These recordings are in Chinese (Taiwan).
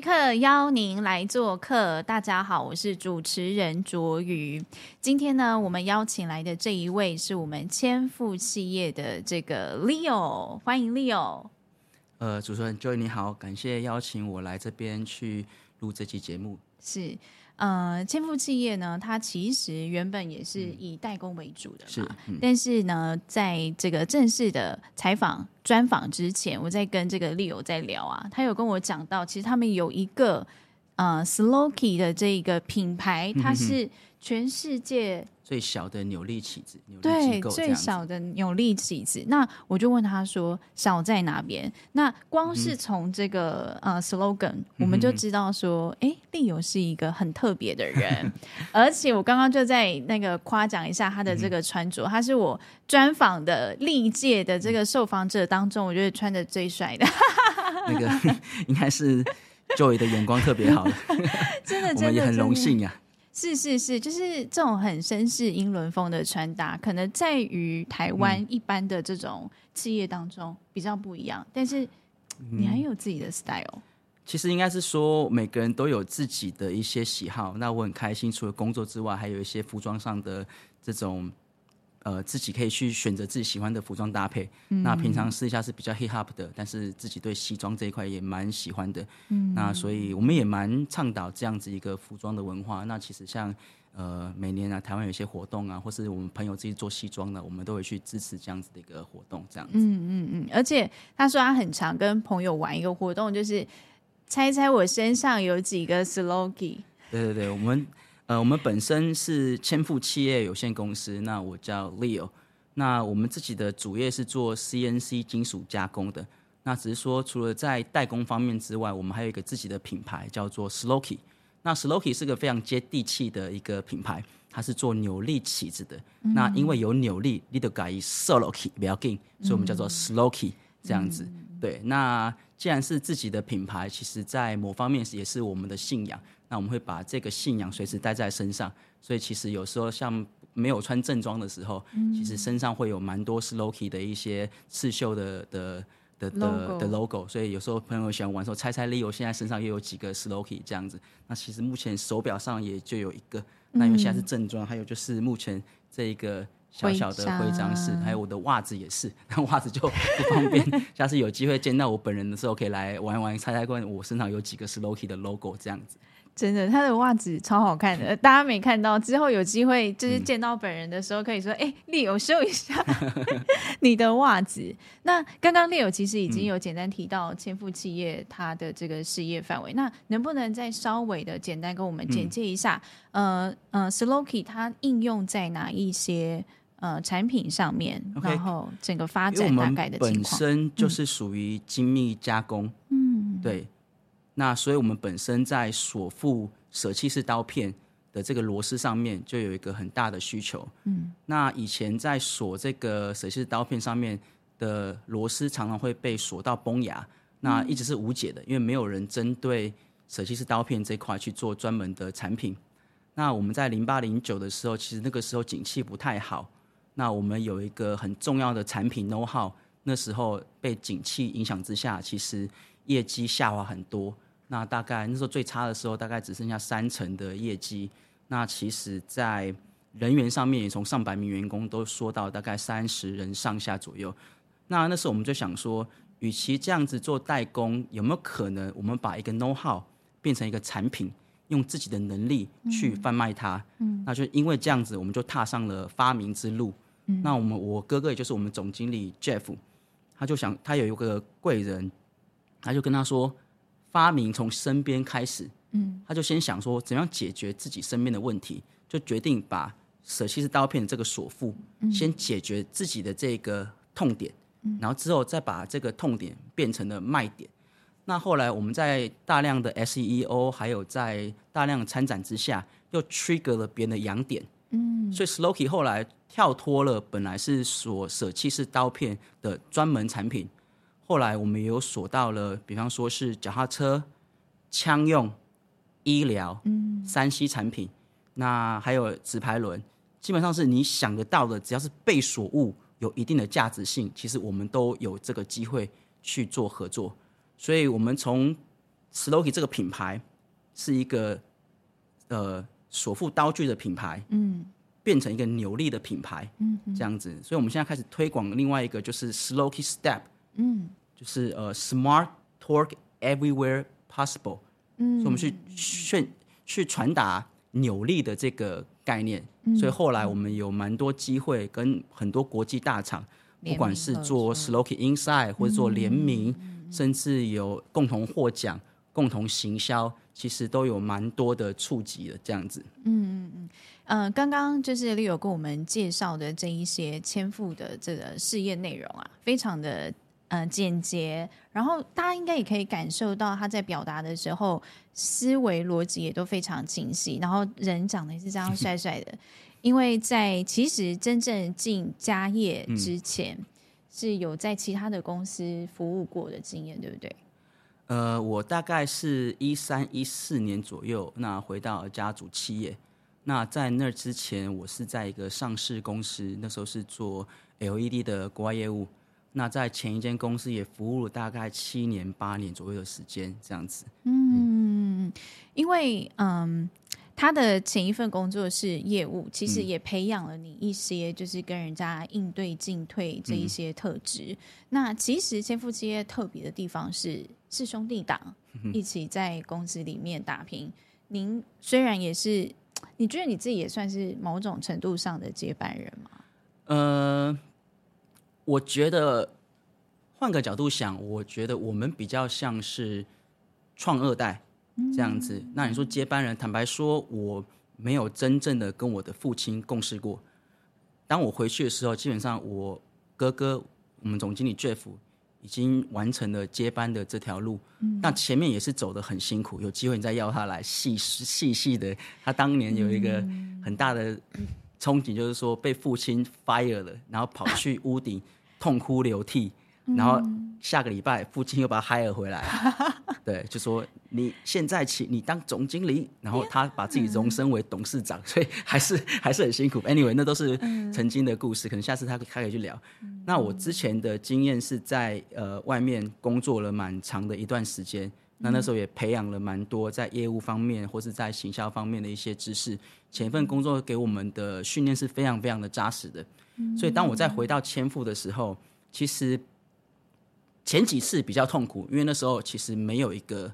客邀您來做客。大家好，我是主持人卓瑜。今天呢，我們邀請來的這一位是我們千富企業的這個 Leo，歡迎 Leo。呃，主持人 Joy，你好，感謝邀請我來這邊去錄這期節目，是。呃，千富企業呢，它其實原本也是以代工為主的嘛。是嗯、但是呢，在這個正式的採訪專訪之前，我在跟這個 Leo 在聊啊，他有跟我講到，其實他們有一個呃，Sloky 的這一個品牌，它是全世界。最小的扭力起子，扭力對，子最小的扭力起子。那我就問他說，小在哪邊？那光是從這個、嗯、哼呃 slogan，我們就知道說，哎、嗯，麗友是一個很特別的人。 而且我剛剛就在那個誇獎一下他的這個穿着，嗯、哼他是我專訪的歷屆的這個受訪者當中，嗯、哼我覺得穿得最帥的 那個，應該是 Joey 的眼光特別好 真的，真的，我們也很榮幸啊。是是是，就是這種很紳士英倫風的穿搭，可能在於台灣一般的這種企業當中比較不一樣。嗯、但是你很有自己的 style，嗯、其實應該是說每個人都有自己的一些喜好。那我很開心，除了工作之外，還有一些服裝上的這種。呃，自己可以去選擇自己喜歡的服裝搭配。嗯、那平常試一下是比較 hip hop 的，但是自己對西裝這一塊也蠻喜歡的。嗯，那所以我們也蠻倡導這樣子一個服裝的文化。那其實像呃，每年啊，台灣有一些活動啊，或是我們朋友自己做西裝的，啊，我們都會去支持這樣子的一個活動。這樣子，嗯嗯嗯。而且他說他很常跟朋友玩一個活動，就是猜猜我身上有幾個 slogan。對對對，我們。呃，我們本身是千富企業有限公司。那我叫 Leo。那我們自己的主業是做 CNC 金屬加工的。那只是說，除了在代工方面之外，我們還有一個自己的品牌叫做 Sloky 那 Sloky 是個非常接地氣的一個品牌，它是做扭力起子的。嗯、那因為有扭力，你都改以 Sloky 比較緊所以我們叫做 Sloky、嗯、這樣子。嗯、對，那既然是自己的品牌，其實在某方面也是我們的信仰。那我們會把這個信仰隨時帶在身上，所以其實有時候像沒有穿正裝的時候，嗯、其實身上會有蠻多 Sloky 的一些刺繡的的的的的 logo。所以有時候朋友喜歡玩說，猜猜 Leo 現在身上又有幾個 Sloky 這樣子。那其實目前手表上也就有一個，那、嗯、因為現在是正裝，還有就是目前這一個小小的徽章式，家還有我的襪子也是。那襪子就不方便， 下次有機會見到我本人的時候，可以來玩一玩，猜猜看我身上有幾個 Sloky 的 logo 這樣子。真的，他的襪子超好看的，大家沒看到之後有機會，就是見到本人的時候，可以說：“哎、嗯，Leo、欸、秀一下 你的襪子。那”那剛剛 Leo 其實已經有簡單提到千富企業它的這個事業範圍，嗯、那能不能再稍微的簡單跟我們簡介一下？嗯、呃呃，Sloky 它應用在哪一些呃產品上面？Okay 然後整個發展大概的情況。本身就是屬於精密加工，嗯，嗯對。那所以，我們本身在鎖付捨棄式刀片的這個螺絲上面，就有一個很大的需求。嗯，那以前在鎖這個捨棄式刀片上面的螺絲，常常會被鎖到崩牙，嗯、那一直是無解的，因為沒有人針對捨棄式刀片這塊去做專門的產品。那我們在零八零九的時候，其實那個時候景氣不太好，那我們有一個很重要的產品 know-how，那時候被景氣影響之下，其實業績下滑很多。那大概那時候最差的時候，大概只剩下三成的業績。那其實，在人員上面也從上百名員工都縮到大概三十人上下左右。那那時候我們就想說，與其這樣子做代工，有沒有可能我們把一個 know-how 變成一個產品，用自己的能力去販賣它？嗯，那就因為這樣子，我們就踏上了發明之路。嗯，那我們我哥哥也就是我們總經理 Jeff，他就想，他有一個貴人，他就跟他說。發明從身邊開始，嗯，他就先想說怎樣解決自己身邊的問題，就決定把舍棄式刀片的這個鎖付，嗯，先解決自己的這個痛點，嗯，然後之後再把這個痛點變成了賣點，嗯，那後來我們在大量的 SEO 還有在大量參展之下，又 trigger 了別人的癢點，嗯，所以 Sloky 後來跳脫了本來是鎖舍棄式刀片的專門產品。後來我們也有鎖到了，比方說是腳踏車、槍用、醫療、三 C 產品，嗯、那還有直排輪，基本上是你想得到的，只要是被鎖物有一定的價值性，其實我們都有這個機會去做合作。所以，我們從 Sloky 這個品牌是一個呃鎖付刀具的品牌，嗯，變成一個扭力的品牌，嗯、哼這樣子。所以，我們現在開始推廣另外一個，就是 Sloky Step，嗯，就是呃、uh,，smart talk everywhere possible。嗯，所以我們去宣、嗯、去傳達扭力的這個概念。嗯，所以後來我們有蠻多機會跟很多國際大廠，嗯、不管是做 Slokey Inside 或者做聯名，嗯、甚至有共同獲獎、嗯、共同行銷，其實都有蠻多的觸及的這樣子。嗯嗯嗯，嗯，剛、呃、剛就是 Leo 跟我們介紹的這一些千富的這個試驗內容啊，非常的。呃，簡潔。然後大家應該也可以感受到他在表達的時候，思維邏輯也都非常清晰。然後人長得也是這樣帥帥的。嗯、因為在其實真正進家業之前，嗯、是有在其他的公司服務過的經驗，對不對？呃，我大概是一三一四年左右，那回到家族企業。那在那之前，我是在一個上市公司，那時候是做 LED 的國外業務。那在前一間公司也服務了大概七年八年左右的時間，這樣子。嗯，嗯，因為嗯，他的前一份工作是業務，其實也培養了你一些就是跟人家應對進退這一些特質。嗯、那其實千富企業特別的地方是是兄弟黨一起在公司裡面打拼。嗯、您雖然也是，你覺得你自己也算是某種程度上的接班人嗎？嗯、呃。我覺得換個角度想，我覺得我們比較像是創二代這樣子。嗯、那你說接班人，坦白說，我沒有真正的跟我的父親共事過。當我回去的時候，基本上我哥哥，我們總經理 Jeff 已經完成了接班的這條路。嗯、那前面也是走得很辛苦。有機會你再邀他來細細細的，他當年有一個很大的憧憬，就是說被父親 fire 了，然後跑去屋頂。 痛哭流涕，然後下個禮拜父親又把他 hire 回來，嗯、 對，就說你現在起你當總經理，然後他把自己榮升為董事長，嗯、所以還是還是很辛苦。Anyway，那都是曾經的故事，嗯、可能下次他還可以去聊。嗯、那我之前的經驗是在呃外面工作了蠻長的一段時間，那那時候也培養了蠻多在業務方面或是在行銷方面的一些知識。前一份工作給我們的訓練是非常非常的紮實的。所以，當我再回到千富的時候，嗯、其實前幾次比較痛苦，因為那時候其實沒有一個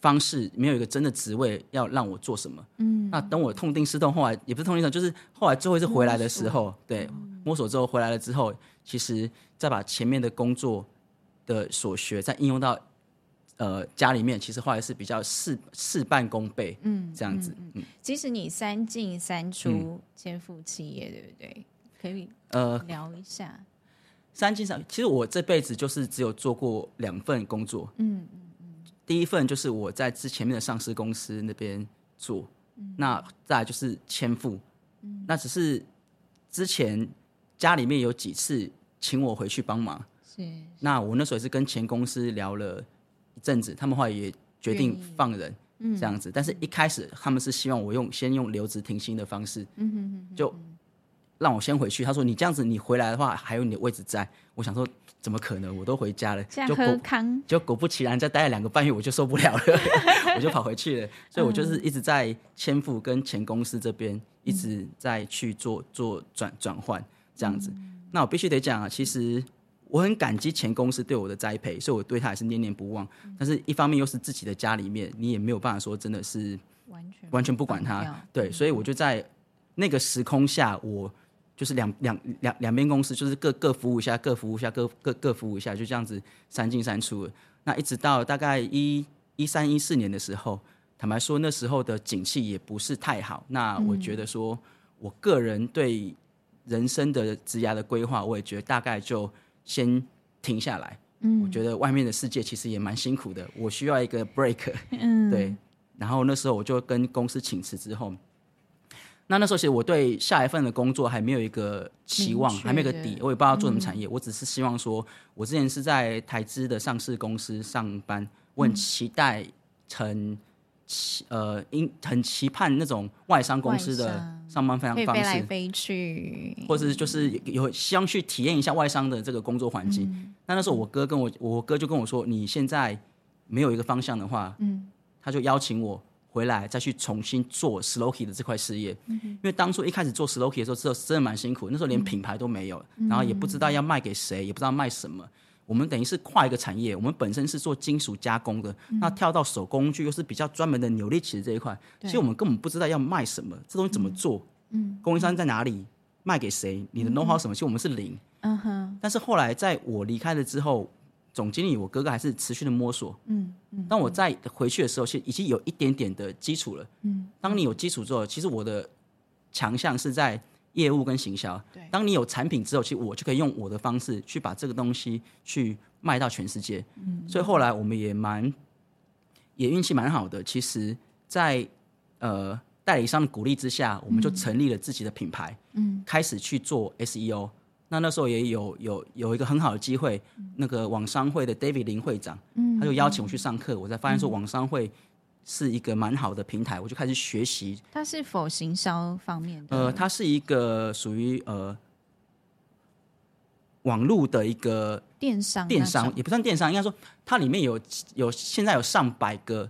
方式，沒有一個真的職位要讓我做什麼。嗯。那等我痛定思痛，後來也不是痛定思痛，就是後來最後一次回來的時候，摸索。對，摸索之後回來了之後，其實再把前面的工作的所學再應用到呃家裡面，其實後來是比較事事半功倍。嗯，這樣子。嗯，其、嗯、實、嗯嗯、你三進三出千富企業，對不對？可以，呃，聊一下。呃、三進三出，其實我這輩子就是只有做過兩份工作。嗯嗯嗯。嗯嗯，第一份就是我在之前面的上市公司那邊做。嗯、那再來就是千富。嗯、那只是之前家裡面有幾次請我回去幫忙是是。那我那時候也是跟前公司聊了一陣子，他們後來也決定放人。這樣子，嗯、但是一開始他們是希望我用先用留職停薪的方式。嗯哼哼哼哼就。讓我先回去。他說：“你這樣子，你回來的話，還有你的位置在。”我想說：“怎麼可能？我都回家了。康”就果就果不其然，再待了兩個半月，我就受不了了， 我就跑回去了。所以，我就是一直在千富跟前公司這邊、嗯、一直在去做做轉轉換，這樣子。嗯、那我必須得講、啊，其實我很感激前公司對我的栽培，所以我對他也是念念不忘。嗯、但是一方面又是自己的家裡面，你也沒有辦法說真的是完全完全不管他。對，所以我就在那個時空下，我。就是兩兩兩兩邊公司，就是各各服務一下，各服務一下，各各各服務一下，就這樣子三進三出。那一直到大概一一三一四年的時候，坦白說那時候的景氣也不是太好。那我覺得說，我個人對人生的職涯的規劃，我也覺得大概就先停下來。嗯，我覺得外面的世界其實也蠻辛苦的，我需要一個 break。嗯，對。然後那時候我就跟公司請辭之後。那那時候其實我對下一份的工作還沒有一個期望，還沒有個底，我也不知道做什麼產業。嗯、我只是希望說，我之前是在台資的上市公司上班，嗯、我很期待，很期呃，很期盼那種外商公司的上班非常方式，飛來飛去，或是就是有希望去體驗一下外商的這個工作環境。嗯、那那時候我哥跟我，我哥就跟我說：“你現在沒有一個方向的話，嗯、他就邀請我。”回來再去重新做 Sloky 的這塊事業，嗯、哼因為當初一開始做 Sloky 的時候，真的蠻辛苦。那時候連品牌都沒有，嗯、然後也不知道要賣給誰，也不知道賣什麼。嗯、我們等於是跨一個產業，我們本身是做金屬加工的，嗯、那跳到手工具又是比較專門的扭力器的這一塊，對其實我們根本不知道要賣什麼，這東西怎麼做，供應、嗯嗯嗯、商在哪裡，賣給誰，你的 know how 什麼，嗯、其實我們是零。Uh huh、但是後來在我離開了之後，總經理，我哥哥還是持續的摸索。嗯嗯。當、嗯、我在回去的時候，其實已經有一點點的基礎了。嗯。當你有基礎之後，其實我的強項是在業務跟行銷。對當你有產品之後，其實我就可以用我的方式去把這個東西去賣到全世界。嗯。所以後來我們也蠻也運氣蠻好的，其實在，在呃代理商的鼓勵之下，我們就成立了自己的品牌。嗯。開始去做 SEO。那那時候也有有有一個很好的機會，嗯、那個網商會的 David 林會長，嗯、哼他就邀請我去上課，我才發現說網商會是一個蠻好的平台，嗯、哼我就開始學習。它是否行銷方面的？呃，它是一個屬於呃網絡的一個電商，電商也不算電商，應該說它裡面有有現在有上百個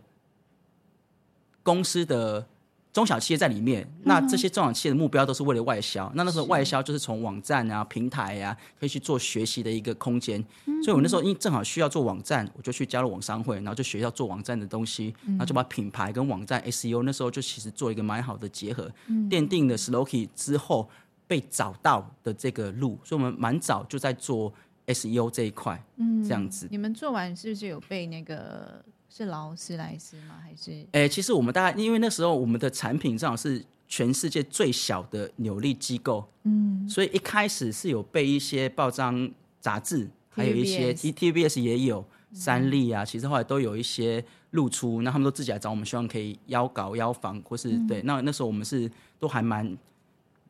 公司的。中小企業在裡面，那這些中小企業的目標都是為了外銷。嗯哦、那那時候外銷就是從網站啊、平台呀、啊，可以去做學習的一個空間。是所以我那時候因為正好需要做網站，我就去加入網商會，然後就學要做網站的東西，然後就把品牌跟網站 SEO、嗯、那時候就其實做一個蠻好的結合，嗯、奠定了 Sloky 之後被找到的這個路。所以我們蠻早就在做 SEO 這一塊，嗯、這樣子。你們做完是不是有被那個？是勞斯萊斯嗎？還是？哎、欸，其實我們大概因為那時候我們的產品正好是全世界最小的扭力機構，嗯，所以一開始是有被一些報章雜誌，還有一些 TVBS、TVBS 也有、嗯、三立啊，其實後來都有一些露出，那他們都自己來找我們，希望可以邀稿邀訪，或是、嗯、對，那那時候我們是都還蠻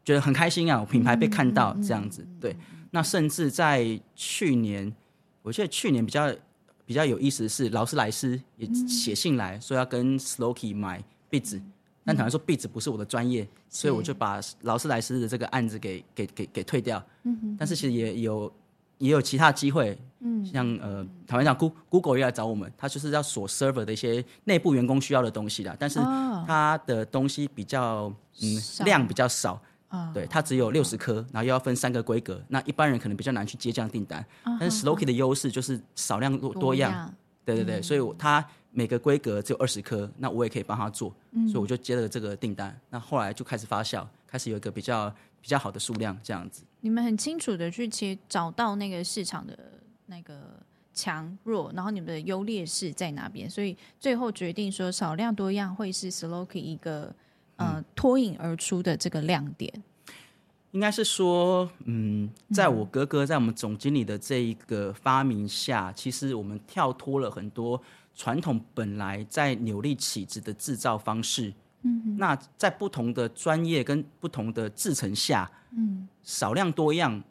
覺得很開心啊，我品牌被看到這樣子，對，那甚至在去年，我記得去年比較。比較有意思的是，勞斯萊斯也寫信來、嗯、說要跟 Slokey 買壁紙、嗯，嗯、但坦白說壁紙不是我的專業，是所以我就把勞斯萊斯的這個案子給給給給退掉。嗯、哼嗯，但是其實也有也有其他機會，嗯，像呃，坦白講，Go Google 也來找我們，他就是要鎖 server 的一些內部員工需要的東西的，但是他的東西比較嗯少量比較少。啊，哦、對，它只有六十顆，哦、然後又要分三個規格，哦、那一般人可能比較難去接這樣訂單。哦、但是 Slokey 的優勢就是少量多多樣，多樣對對對，嗯、所以它每個規格只有二十顆，那我也可以幫他做，嗯、所以我就接了這個訂單。那後來就開始發酵，開始有一個比較比較好的數量這樣子。你們很清楚的去切找到那個市場的那個強弱，然後你們的優劣勢在哪邊，所以最後決定說少量多樣會是 Slokey 一個。呃，脫穎而出的這個亮點，應該是說，嗯，在我哥哥在我們總經理的這一個發明下，嗯、其實我們跳脫了很多傳統本來在扭力起子的製造方式，嗯哼，那在不同的專業跟不同的製程下，嗯，少量多樣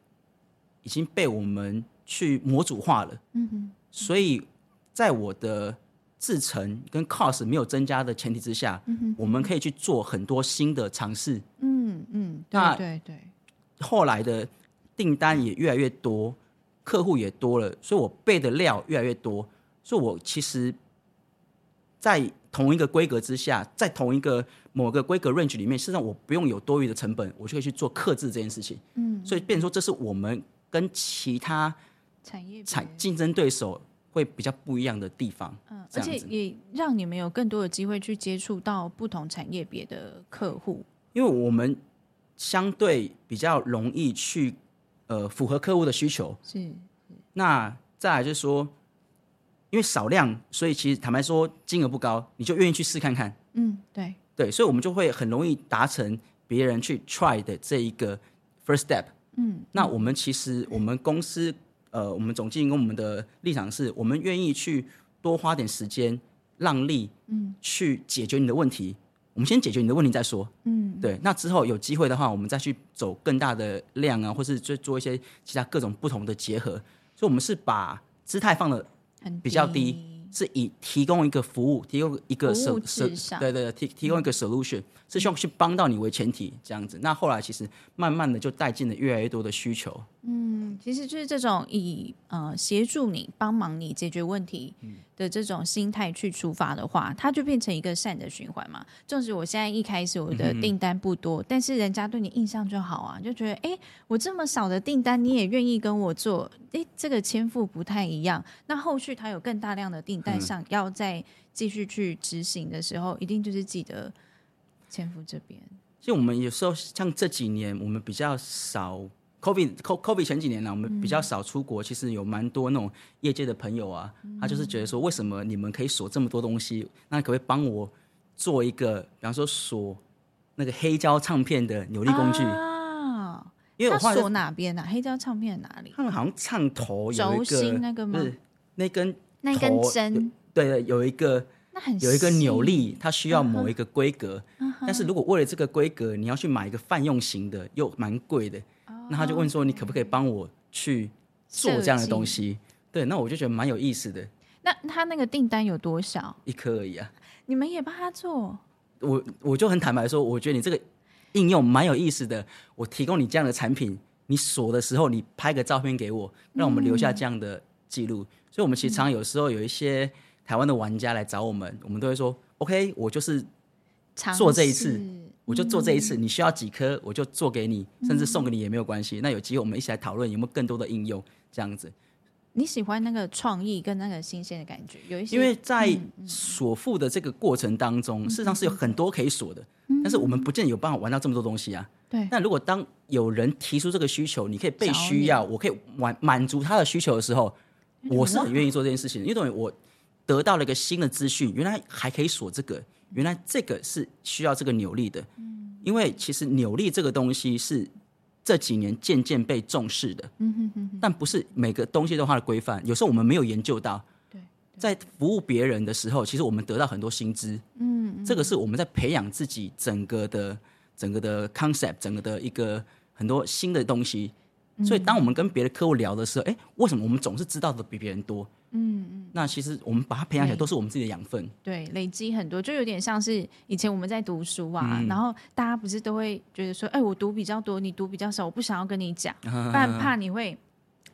已經被我們去模組化了，嗯哼，所以在我的製程跟 cost 沒有增加的前提之下，嗯、哼哼，我們可以去做很多新的嘗試。嗯嗯，對對對，後來的訂單也越來越多，嗯、客戶也多了，所以我備的料越來越多，所以我其實在同一個規格之下，在同一個某個規格 range 裡面，實際上我不用有多餘的成本，我就可以去做客製這件事情。嗯，所以變成說，這是我們跟其他產，產業產競爭對手。會比較不一樣的地方這樣，嗯，而且也讓你們有更多的機會去接觸到不同產業別的客戶，因為我們相對比較容易去，呃，符合客戶的需求，是。是，那再來就是說，因為少量，所以其實坦白說金額不高，你就願意去試看看，嗯，對，對，所以我們就會很容易達成別人去 try 的這一個 first step，嗯，那我們其實、嗯、我們公司。呃，我們總經理跟我們的立場是，我們願意去多花點時間、讓利，嗯，去解決你的問題。我們先解決你的問題再說，嗯，對。那之後有機會的話，我們再去走更大的量啊，或是就做一些其他各種不同的結合。所以，我們是把姿態放的比較低，低是以提供一個服務、提供一個設，對，對對，提提供一個 solution，、嗯、是需要去幫到你為前提這樣子。那後來其實慢慢的就帶進了越來越多的需求。嗯，其實就是這種以呃協助你、幫忙你解決問題的這種心態去出發的話，嗯、它就變成一個善的循環嘛。縱使我現在一開始我的訂單不多，嗯、哼但是人家對你印象就好啊，就覺得哎，我這麼少的訂單你也願意跟我做，哎，這個千富不太一樣。那後續他有更大量的訂單上，想、嗯、要再繼續去執行的時候，一定就是記得千富這邊。其實我們有時候像這幾年，我們比較少。COVID, COVID 前幾年呢、啊，我們比較少出國，嗯、其實有蠻多那種業界的朋友啊，嗯、他就是覺得說，為什麼你們可以鎖這麼多東西？那可不可以幫我做一個，比方說鎖那個黑膠唱片的扭力工具啊？因為我換了鎖哪邊啊？黑膠唱片哪裡？他們好像唱頭有一個，那個嗎？那根那根針，對對，有一個那很有一個扭力，它需要某一個規格。呵呵但是如果為了這個規格，你要去買一個泛用型的，又蠻貴的。那他就問說：“你可不可以幫我去做這樣的東西？”設計。對，那我就覺得蠻有意思的。那他那個訂單有多少？一顆而已啊。你們也幫他做。我我就很坦白說，我覺得你這個應用蠻有意思的。我提供你這樣的產品，你鎖的時候你拍個照片給我，讓我們留下這樣的記錄。嗯、所以，我們其實常常有時候有一些台灣的玩家來找我們，嗯、我們都會說：“OK，我就是。”做這一次，嗯、我就做這一次。你需要幾顆，我就做給你，嗯、甚至送給你也沒有關係。那有機會，我們一起來討論有沒有更多的應用這樣子。你喜歡那個創意跟那個新鮮的感覺，有一些。因為在鎖付的這個過程當中，嗯嗯、事實上是有很多可以鎖的，嗯、但是我們不見得有辦法玩到這麼多東西啊。對、嗯。那如果當有人提出這個需求，你可以被需要，你我可以滿滿足他的需求的時候，我是很願意做這件事情。哇因為等於我。得到了一個新的資訊，原來還可以鎖這個，原來這個是需要這個扭力的。嗯，因為其實扭力這個東西是這幾年漸漸被重視的。嗯、哼哼哼。但不是每個東西都它的規範，有時候我們沒有研究到。在服務別人的時候，其實我們得到很多新知、嗯。嗯，這個是我們在培養自己整個的、整個的 concept，整個的一個很多新的東西。嗯、哼所以，當我們跟別的客戶聊的時候，誒，為什麼我們總是知道的比別人多？嗯。那其實我們把它培養起來，都是我們自己的養分對。對，累積很多，就有點像是以前我們在讀書啊，嗯、然後大家不是都會覺得說，哎、欸，我讀比較多，你讀比較少，我不想要跟你講，但怕你會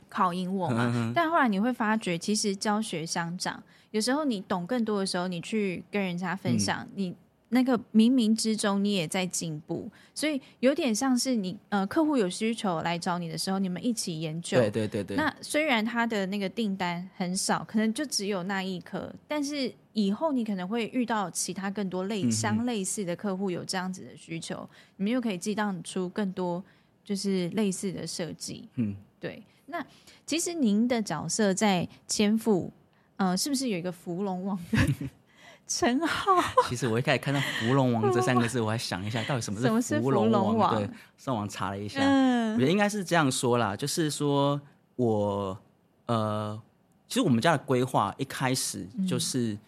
考贏我嘛。呵呵呵，但後來你會發覺，其實教學相長，有時候你懂更多的時候，你去跟人家分享，你、嗯。那個冥冥之中，你也在進步，所以有點像是你呃、，客戶有需求來找你的時候，你們一起研究。對對對對。那雖然他的那個訂單很少，可能就只有那一顆，但是以後你可能會遇到其他更多類相類似的客戶有這樣子的需求，嗯、哼你們又可以激盪出更多就是類似的設計。嗯，對。那其實您的角色在千富，呃，是不是有一個扶龍王？ 陳程浩， 其實我一開始看到“扶龍王”這三個字，我還想一下到底什麼是“扶龍王”？對，上網查了一下，嗯、我覺得應該是這樣說啦，就是說我，我呃，其實我們家的規劃一開始就是、嗯、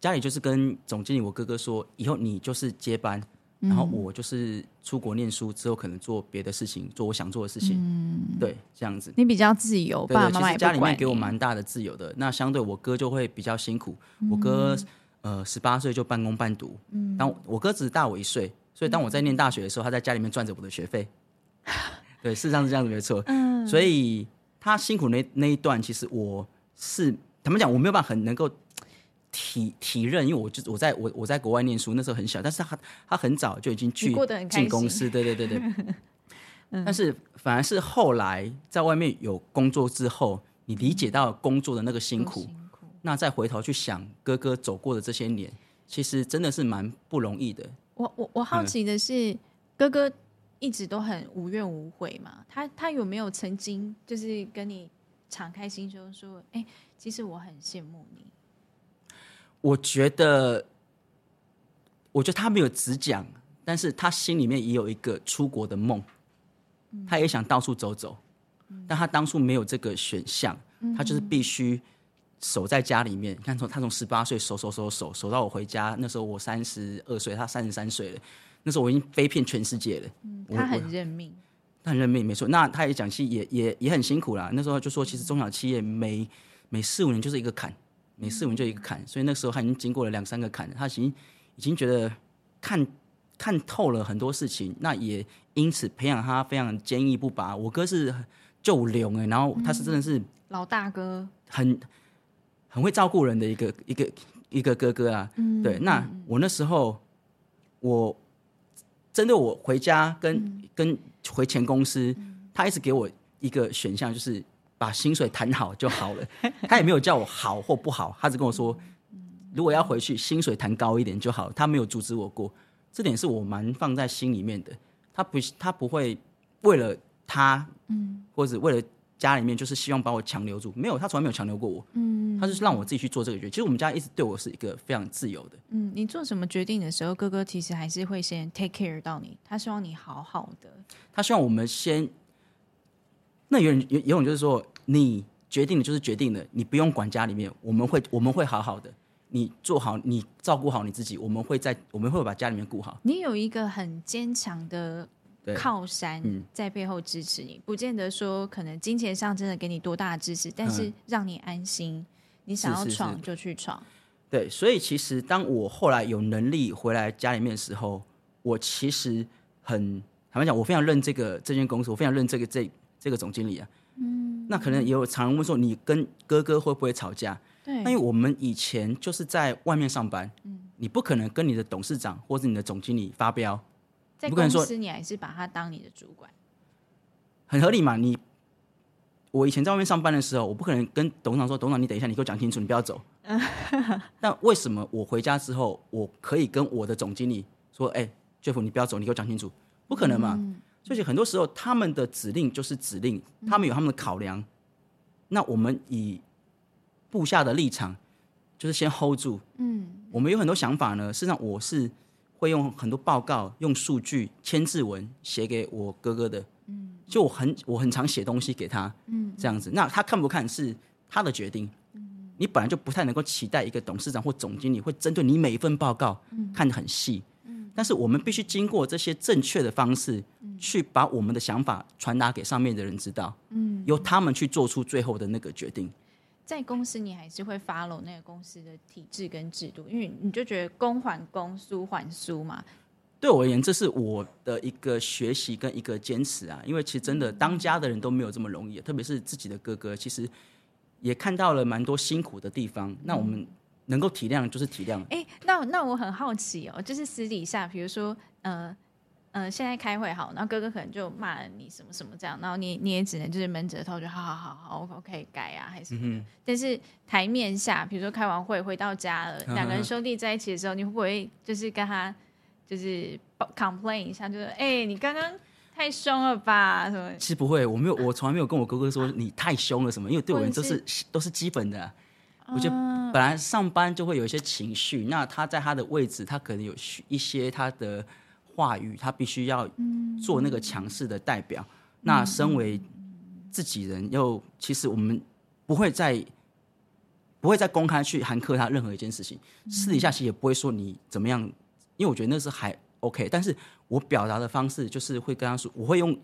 家裡就是跟總經理我哥哥說，以後你就是接班，嗯、然後我就是出國念書之後可能做別的事情，做我想做的事情，嗯、對，這樣子。你比較自由，爸媽媽媽也不管你，其實家裡面給我蠻大的自由的，那相對我哥就會比較辛苦，嗯、我哥。呃，十八歲就半工半讀。嗯，當我，我哥只是大我一歲，所以當我在念大學的時候，嗯、他在家裡面賺着我的學費。 對，事實上是這樣子沒錯。嗯，所以他辛苦的那那一段，其實我是坦白講我沒有辦法很能夠體體認，因為我就我在我我在國外念書那時候很小，但是他他很早就已經去進公司。對對對對。嗯、但是反而是後來在外面有工作之後，你理解到工作的那個辛苦。嗯那再回頭去想哥哥走過的這些年，其實真的是蠻不容易的。我我我好奇的是，嗯、哥哥一直都很無怨無悔嘛？他他有沒有曾經就是跟你敞開心胸說：“哎、欸，其實我很羨慕你。”我覺得，我覺得他沒有直講，但是他心裡面也有一個出國的夢，嗯、他也想到處走走，嗯、但他當初沒有這個選項，他就是必須。守在家裡面，你看從他從十八歲守守守守守到我回家，那時候我三十二歲，他三十三歲了。那時候我已經飛遍全世界了。他很認命，他很認命，命，沒錯。那他也講，其實也也也很辛苦啦。那時候就說，其實中小企業每每四五年就是一個坎，嗯、每四五年就一個坎。嗯、所以那時候他已經經過了兩三個坎，他已經已經覺得看看透了很多事情。那也因此培養他非常堅毅不拔。我哥是救靈哎，然後他是真的是，嗯、老大哥，很。很會照顧人的一個一個一個哥哥啊，嗯、對。那我那時候，我針對我回家跟、嗯、跟回前公司，嗯、他一直給我一個選項，就是把薪水談好就好了。 他也沒有叫我好或不好，他只跟我說，嗯嗯、如果要回去，薪水談高一點就好。他沒有阻止我過，這點是我蠻放在心裡面的。他不他不會為了他，嗯，或者為了。家裡面就是希望把我強留住，沒有，他從來沒有強留過我。嗯，他就是讓我自己去做這個決定。其實我們家一直對我是一個非常自由的。嗯，你做什麼決定的時候，哥哥其實還是會先 take care 到你，他希望你好好的。他希望我們先，那有人有有種就是說，你決定了就是決定的，你不用管家裡面，我們會我們會好好的，你做好，你照顧好你自己，我們會在，我們會把家裡面顧好。你有一個很堅強的。對靠山在背後支持你，嗯、不見得說可能金錢上真的給你多大的支持，但是讓你安心，嗯、你想要闖就去闖。對，所以其實當我後來有能力回來家裡面的時候，我其實很坦白講，我非常認這個這間公司，我非常認這個這這個總經理啊。嗯，那可能也有常人問說，你跟哥哥會不會吵架？對，那因為我們以前就是在外面上班，嗯，你不可能跟你的董事長或是你的總經理發飆。不可能說，你還是把他當你的主管，很合理嘛？你我以前在外面上班的時候，我不可能跟董事長說：“董事長，你等一下，你給我講清楚，你不要走。” 但為什麼我回家之後，我可以跟我的總經理說：“哎、欸、，Jeff，你不要走，你給我講清楚。”不可能嘛？嗯、所以很多時候他們的指令就是指令，他們有他們的考量。嗯、那我們以部下的立場，就是先 hold 住。嗯，我們有很多想法呢。事實上，我是。會用很多報告、用數據、千字文寫給我哥哥的，嗯，就我很我很常寫東西給他，嗯，這樣子。那他看不看是他的決定，嗯，你本來就不太能夠期待一個董事長或總經理會針對你每一份報告看得很細，嗯，但是我們必須經過這些正確的方式，嗯，去把我們的想法傳達給上面的人知道，嗯，由他們去做出最後的那個決定。在公司，你還是會 follow 那個公司的體制跟制度，因為你就覺得公還公，私還私嘛。對我而言，這是我的一個學習跟一個堅持啊。因為其實真的、嗯、當家的人都沒有這麼容易，特別是自己的哥哥，其實也看到了蠻多辛苦的地方。那我們能夠體諒就是體諒。哎、嗯，那那我很好奇哦，就是私底下，比如說呃。嗯、呃，現在開會好，然後哥哥可能就罵你什麼什麼這樣，然後你你也只能就是悶着頭，就好好好好，我我可以改啊還是什、這個嗯、哼但是台面下，比如說開完會回到家了，兩、嗯、個人兄弟在一起的時候，你會不會就是跟他就是 complain 一下，就是哎、欸，你剛剛太凶了吧什麼？其實不會，我沒有，我從來沒有跟我哥哥說你太凶了什麼，因為對我們都是、啊、都是基本的、啊。嗯、我覺得本來上班就會有一些情緒，那他在他的位置，他可能有一些他的。話語，他必須要做那個強勢的代表。嗯、那身為自己人又，又、嗯、其實我們不會再不會再公開去喊卡他任何一件事情。嗯、私底下其實也不會說你怎麼樣，因為我覺得那是還 OK。但是我表達的方式就是會跟他說，我會用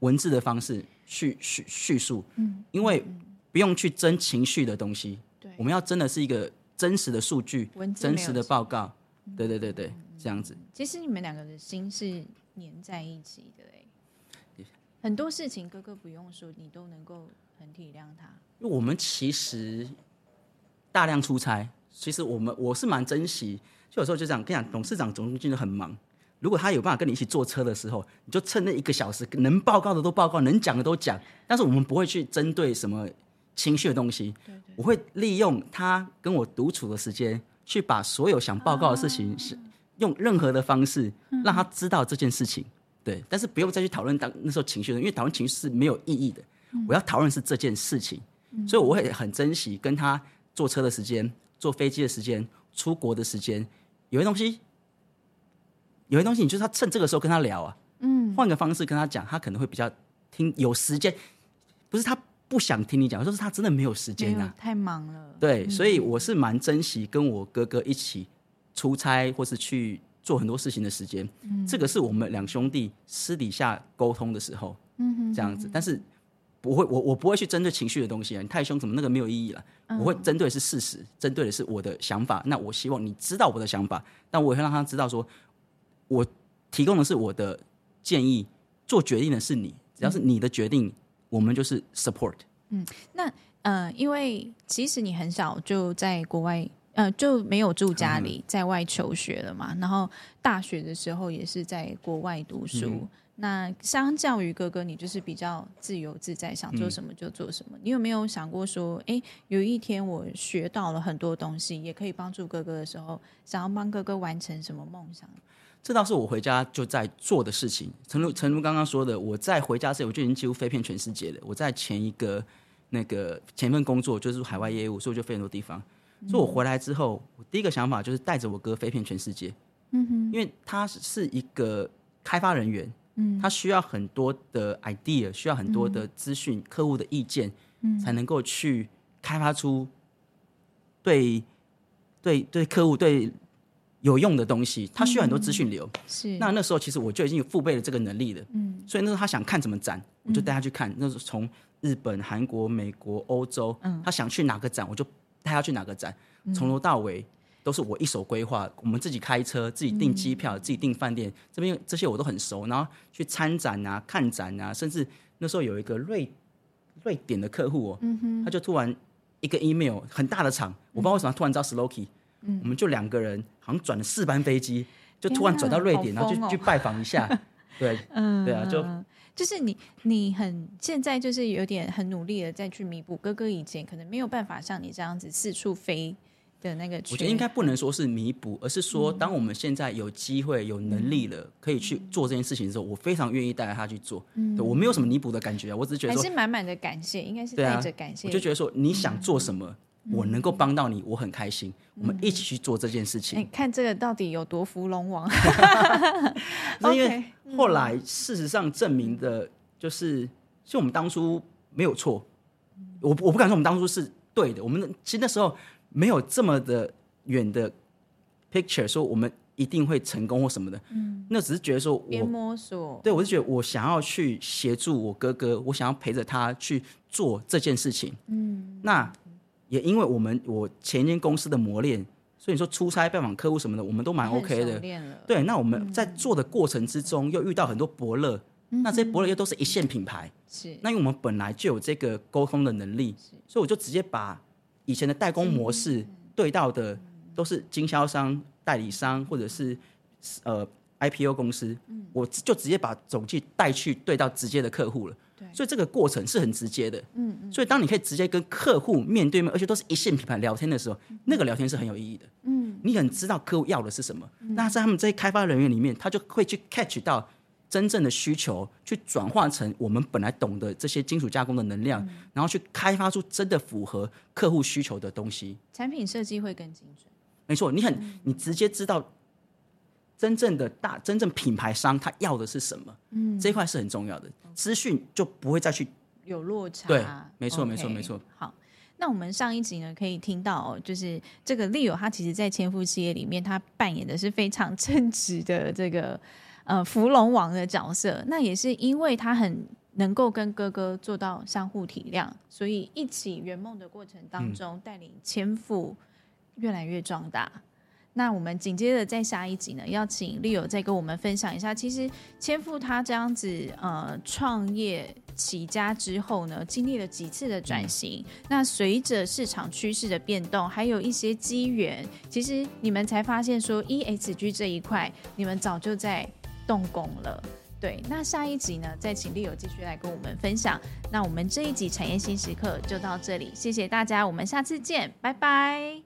文字的方式去敘敘述，述，述，因為不用去爭情緒的東西。對、嗯，嗯、我們要真的是一個真實的數據，對真實的報告。對對對對，嗯、這樣子。其實你們兩個的心是黏在一起的對很多事情哥哥不用說，你都能夠很體諒他。因為我們其實大量出差，其實我們我是蠻珍惜，就有時候就這樣跟你講，董事長總經理很忙，如果他有辦法跟你一起坐車的時候，你就趁那一個小時能報告的都報告，能講的都講。但是我們不會去針對什麼情緒的東西，對對，我會利用他跟我獨處的時間。去把所有想報告的事情，uh, um, 用任何的方式讓他知道這件事情，嗯、對。但是不用再去討論當那時候情緒了，因為討論情緒是沒有意義的。嗯、我要討論是這件事情，嗯、所以我會很珍惜跟他坐車的時間、坐飛機的時間、出國的時間。有些東西，有些東西，你就是他趁這個時候跟他聊啊，嗯，換個方式跟他講，他可能會比較聽。有時間，不是他。不想聽你講，就是他真的沒有時間啊，太忙了。對，嗯、所以我是蠻珍惜跟我哥哥一起出差或是去做很多事情的時間。嗯，這個是我們兩兄弟私底下溝通的時候。嗯哼哼，這樣子，但是不會，我我不會去針對情緒的東西啊。你太凶，怎麼那個沒有意義了，啊？我會針對的是事實，針對的是我的想法。那我希望你知道我的想法，但我也會讓他知道說，我提供的是我的建議，做決定的是你。只要是你的決定。嗯我們就是 support。嗯，那呃，因為其實你很小就在國外，呃，就沒有住家裡，在外求學了嘛。嗯、然後大學的時候也是在國外讀書。嗯、那相較於哥哥，你就是比較自由自在，想做什麼就做什麼。嗯、你有沒有想過說，哎、欸，有一天我學到了很多東西，也可以幫助哥哥的時候，想要幫哥哥完成什麼夢想？這倒是我回家就在做的事情。誠如、誠如剛剛說的，我在回家之後，我就已經幾乎飛遍全世界了。我在前一個那個前一份工作就是海外業務，所以我就飛很多地方。嗯、所以，我回來之後，我第一個想法就是帶着我哥飛遍全世界。嗯哼，因為他是一個開發人員，嗯，他需要很多的 idea，需要很多的資訊、嗯、客戶的意見，嗯、才能夠去開發出對對對，對客戶對。有用的東西，他需要很多資訊流、嗯。是，那那時候其實我就已經有父輩的這個能力了。嗯，所以那時候他想看什麼展，我就帶他去看。嗯、那是從日本、韓國、美國、歐洲，嗯、他想去哪個展，我就帶他去哪個展。從、嗯、頭到尾都是我一手規劃，我們自己開車，自己訂機票，嗯、自己訂飯店。這邊這些我都很熟。然後去參展啊，看展啊，甚至那時候有一個瑞瑞典的客戶、喔，哦、嗯哼，他就突然一個 email 很大的廠，我不知道為什麼突然找 Sloky、嗯。Sloky，嗯、我們就兩個人，好像轉了四班飛機，就突然轉到瑞典，天啊，那個好瘋喔！ 然後去去拜訪一下，對，嗯，對啊，就就是你，你很現在就是有點很努力的在去彌補哥哥以前可能沒有辦法像你這樣子四處飛的那個。我覺得應該不能說是彌補，而是說當我們現在有機會、嗯、有能力了，可以去做這件事情的時候，我非常願意帶着他去做。嗯對，我沒有什麼彌補的感覺、啊，我只是覺得還是滿滿的感謝，應該是帶着感謝、啊。我就覺得說你想做什麼。嗯我能夠幫到你，我很開心。嗯、我們一起去做這件事情。你、欸、看這個到底有多扶龍王？因為後來事實上證明的、就是，就是其實我們當初沒有錯。嗯、我我不敢說我們當初是對的。我們其實那時候沒有這麼的遠的 picture，說我們一定會成功或什麼的。嗯，那只是覺得說我，我摸索。對，我是覺得我想要去協助我哥哥，我想要陪着他去做這件事情。嗯，那。也因為我們我前一間公司的磨練，所以你說出差拜訪客戶什麼的，我們都蠻 OK 的。對，那我們在做的過程之中，嗯、哼又遇到很多伯樂，嗯、哼那這些伯樂又都是一線品牌。是，那因為我們本來就有這個溝通的能力，是所以我就直接把以前的代工模式對到的都是經銷商、代理商或者是呃。IPO 公司，嗯、我就直接把總計帶去對到直接的客戶了。對，所以這個過程是很直接的。嗯嗯。嗯，所以當你可以直接跟客戶面對面，而且都是一線品牌聊天的時候，嗯、那個聊天是很有意義的。嗯，你很知道客戶要的是什麼。嗯、那在他們這些開發人員裡面，他就會去 catch 到真正的需求，去轉化成我們本來懂得這些金屬加工的能量，嗯、然後去開發出真的符合客戶需求的東西。產品設計會更精準。沒錯，你很你直接知道。真正的大，真正品牌商，他要的是什麼？嗯，這塊是很重要的，資訊 Okay. 就不會再去有落差。對，沒錯 Okay.，沒錯，沒錯。好，那我們上一集呢，可以聽到、喔，就是這個利友，他其實，在千富企業裡面，他扮演的是非常正直的這個呃扶龍王的角色。那也是因為他很能夠跟哥哥做到相互體諒，所以一起圓夢的過程當中，帶領千富越來越壯大。嗯那我們緊接着在下一集呢，要請麗友再跟我們分享一下，其實千富他這樣子呃創業起家之後呢，經歷了幾次的轉型。那隨着市場趨勢的變動，還有一些機緣，其實你們才發現說 ESG 這一塊，你們早就在動工了。對，那下一集呢，再請麗友繼續來跟我們分享。那我們這一集產業心時刻就到這裡，謝謝大家，我們下次見，拜拜。